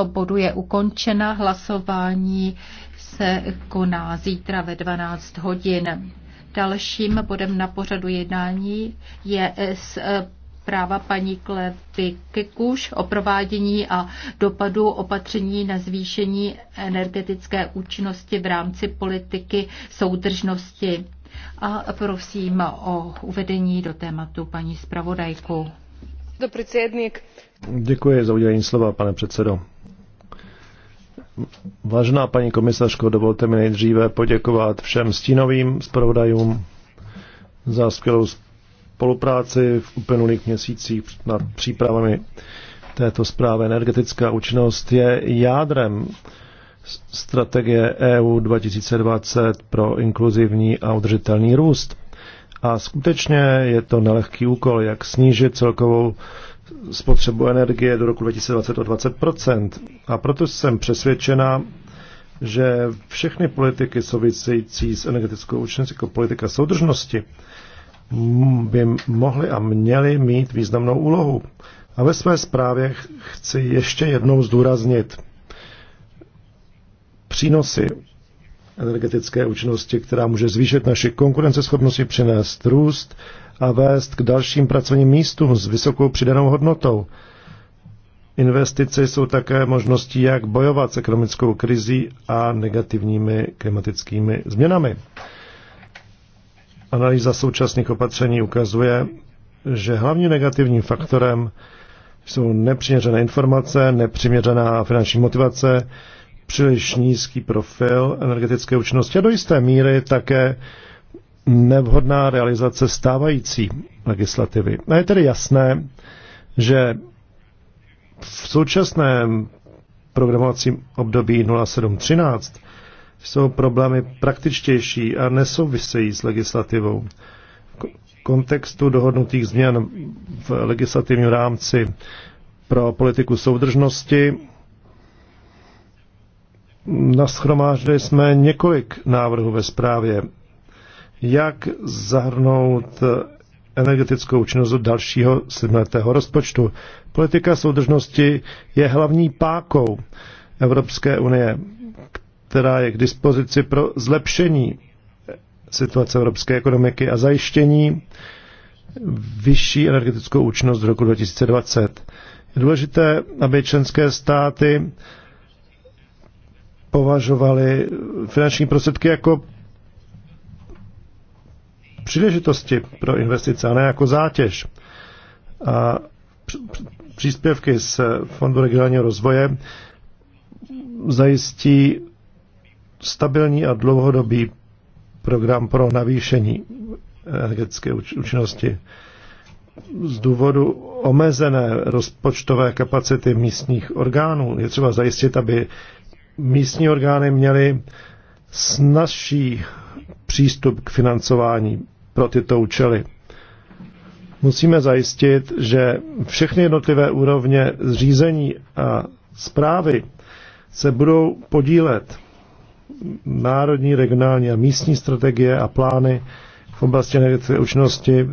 tomto bodu je ukončena. Hlasování se koná zítra ve 12 hodin. Dalším bodem na pořadu jednání je s eh, práva paní Klevy Kekuš o provádění a dopadu opatření na zvýšení energetické účinnosti v rámci politiky soudržnosti. A prosím o uvedení do tématu paní zpravodajku. Děkuji za udělení slova, pane předsedo. Vážená paní komisařko, dovolte mi nejdříve poděkovat všem stínovým zpravodajům za skvělou spolupráci v uplynulých měsících nad přípravami této zprávy. Energetická účinnost je jádrem strategie EU 2020 pro inkluzivní a udržitelný růst. A skutečně je to nelehký úkol, jak snížit celkovou spotřebu energie do roku 2020 o 20 A proto jsem přesvědčena, že všechny politiky související s energetickou účinností jako politika soudržnosti by mohly a měly mít významnou úlohu. A ve své zprávě chci ještě jednou zdůraznit přínosy energetické účinnosti, která může zvýšit naši konkurenceschopnosti, přinést růst a vést k dalším pracovním místům s vysokou přidanou hodnotou. Investice jsou také možností, jak bojovat s ekonomickou krizí a negativními klimatickými změnami. Analýza současných opatření ukazuje, že hlavním negativním faktorem jsou nepřiměřené informace, nepřiměřená finanční motivace, příliš nízký profil energetické účinnosti a do jisté míry také nevhodná realizace stávající legislativy. A je tedy jasné, že v současném programovacím období 0713 jsou problémy praktičtější a nesouvisejí s legislativou. V kontextu dohodnutých změn v legislativním rámci pro politiku soudržnosti Naschromáždili jsme několik návrhů ve zprávě, jak zahrnout energetickou činnost do dalšího sedmletého rozpočtu. Politika soudržnosti je hlavní pákou Evropské unie, která je k dispozici pro zlepšení situace evropské ekonomiky a zajištění vyšší energetickou účinnost do roku 2020. Je důležité, aby členské státy považovali finanční prostředky jako příležitosti pro investice, a ne jako zátěž. A příspěvky z Fondu regionálního rozvoje zajistí stabilní a dlouhodobý program pro navýšení energetické účinnosti. Z důvodu omezené rozpočtové kapacity místních orgánů je třeba zajistit, aby místní orgány měly snažší přístup k financování pro tyto účely. Musíme zajistit, že všechny jednotlivé úrovně zřízení a zprávy se budou podílet národní, regionální a místní strategie a plány v oblasti energetické účinnosti,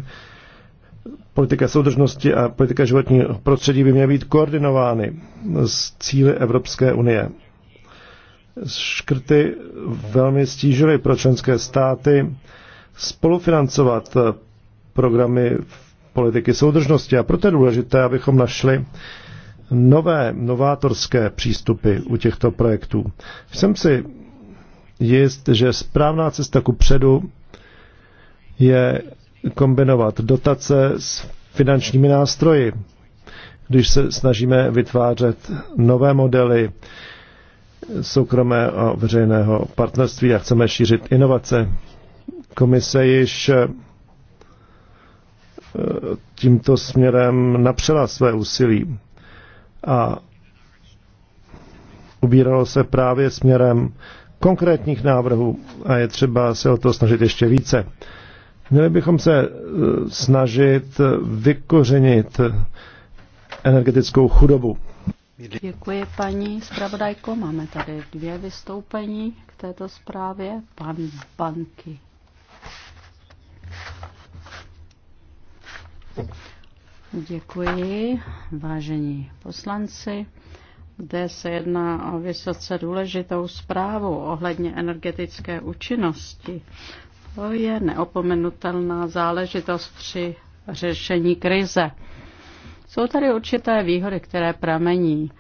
politika soudržnosti a politika životního prostředí by měly být koordinovány s cíly Evropské unie škrty velmi stížily pro členské státy spolufinancovat programy politiky soudržnosti. A proto je důležité, abychom našli nové, novátorské přístupy u těchto projektů. Jsem si jist, že správná cesta ku předu je kombinovat dotace s finančními nástroji, když se snažíme vytvářet nové modely soukromé a veřejného partnerství a chceme šířit inovace. Komise již eh, tímto směrem napřela své úsilí a ubíralo se právě směrem konkrétních návrhů a je třeba se o to snažit ještě více. Měli bychom se eh, snažit eh, vykořenit energetickou chudobu. Děkuji paní zpravodajko. Máme tady dvě vystoupení k této zprávě. Pan Banky. Děkuji, vážení poslanci. Zde se jedná o vysoce důležitou zprávu ohledně energetické účinnosti. To je neopomenutelná záležitost při řešení krize. Jsou tady určité výhody, které pramení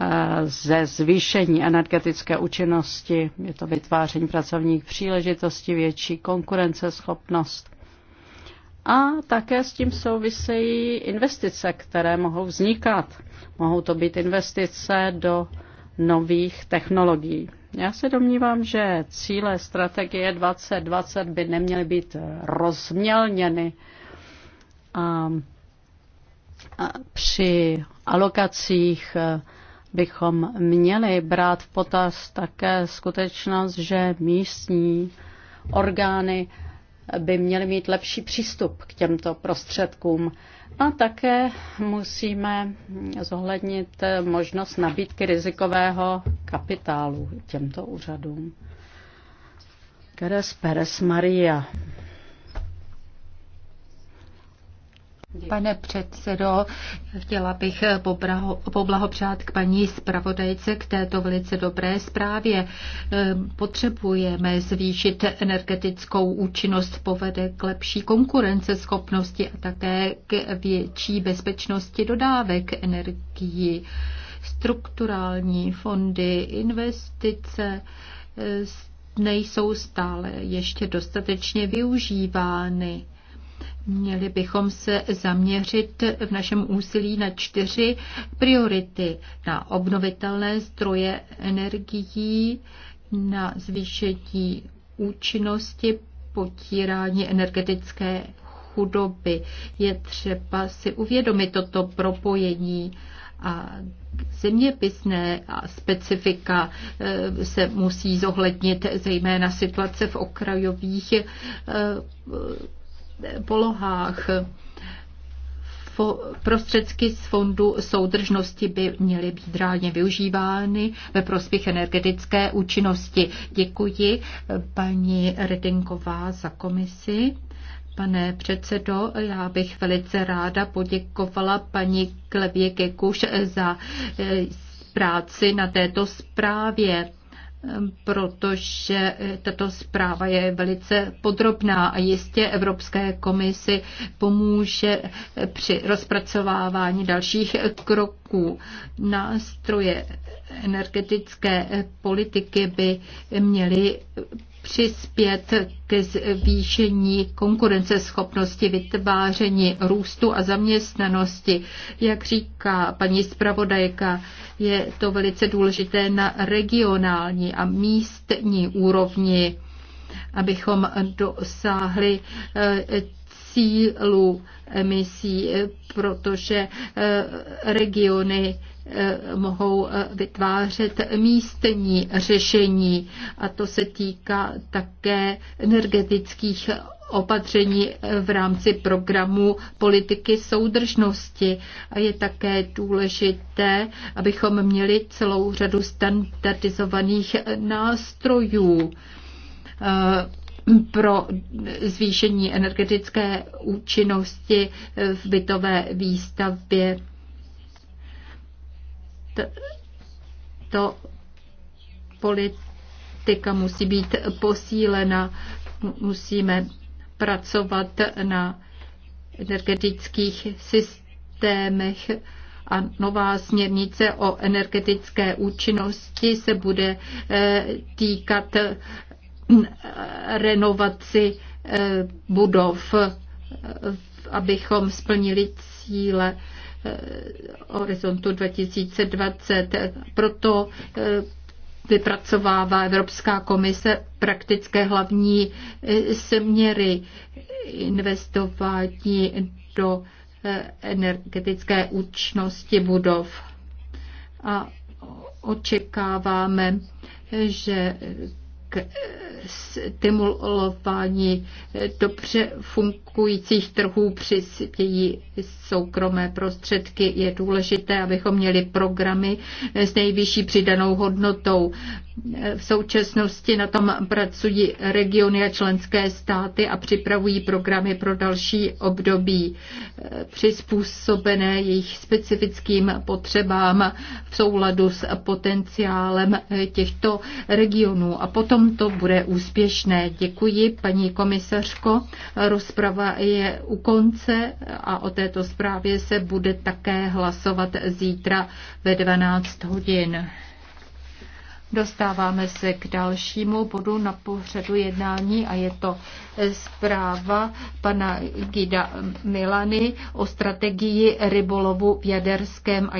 eh, ze zvýšení energetické účinnosti. Je to vytváření pracovních příležitostí, větší konkurenceschopnost. A také s tím souvisejí investice, které mohou vznikat. Mohou to být investice do nových technologií. Já se domnívám, že cíle strategie 2020 by neměly být rozmělněny. A při alokacích eh, bychom měli brát v potaz také skutečnost, že místní orgány by měly mít lepší přístup k těmto prostředkům. A také musíme zohlednit možnost nabídky rizikového kapitálu těmto úřadům. Keres Peres Maria. Pane předsedo, chtěla bych poblahopřát k paní zpravodajce k této velice dobré zprávě. Ehm, potřebujeme zvýšit energetickou účinnost, povede k lepší konkurenceschopnosti a také k větší bezpečnosti dodávek energií. Strukturální fondy, investice, ehm, nejsou stále ještě dostatečně využívány Měli bychom se zaměřit v našem úsilí na čtyři priority. Na obnovitelné zdroje energií, na zvýšení účinnosti, potírání energetické chudoby. Je třeba si uvědomit toto propojení a zeměpisné a specifika eh, se musí zohlednit zejména situace v okrajových eh, polohách prostředky z fondu soudržnosti by měly být reálně využívány ve prospěch energetické účinnosti. Děkuji paní Redinková za komisi. Pane předsedo, já bych velice ráda poděkovala paní Klevě Kekuš za eh, práci na této zprávě. Ehm, protože eh, tato zpráva je velice podrobná a jistě Evropské komisi pomůže eh, při rozpracovávání dalších eh, kroků. Nástroje energetické politiky by měly přispět ke zvýšení konkurenceschopnosti, vytváření růstu a zaměstnanosti. Jak říká paní zpravodajka, je to velice důležité na regionální a místní úrovni, abychom dosáhli eh, cílu emisí, eh, protože eh, regiony Eh, mohou eh, vytvářet místní řešení a to se týká také energetických opatření eh, v rámci programu politiky soudržnosti. A je také důležité, abychom měli celou řadu standardizovaných nástrojů pro zvýšení energetické účinnosti v bytové výstavbě to politika musí být posílena. Musíme pracovat na energetických systémech a nová směrnice o energetické účinnosti se bude eh, týkat eh, renovaci eh, budov, abychom splnili cíle Eh, horizontu 2020. Proto eh, vypracovává Evropská komise praktické hlavní eh, směry investování do energetické účinnosti budov. A očekáváme, že k stimulování dobře fungujících trhů přispějí soukromé prostředky. Je důležité, abychom měli programy s nejvyšší přidanou hodnotou. V současnosti na tom pracují regiony a členské státy a připravují programy pro další období přizpůsobené jejich specifickým potřebám v souladu s potenciálem těchto regionů. A potom to bude úspěšné. Děkuji, paní komisařko. Rozprava je u konce a o této zprávě se bude také hlasovat zítra ve 12 hodin. Dostáváme se k dalšímu bodu na pořadu jednání a je to zpráva pana Gida Milany o strategii rybolovu v Jaderském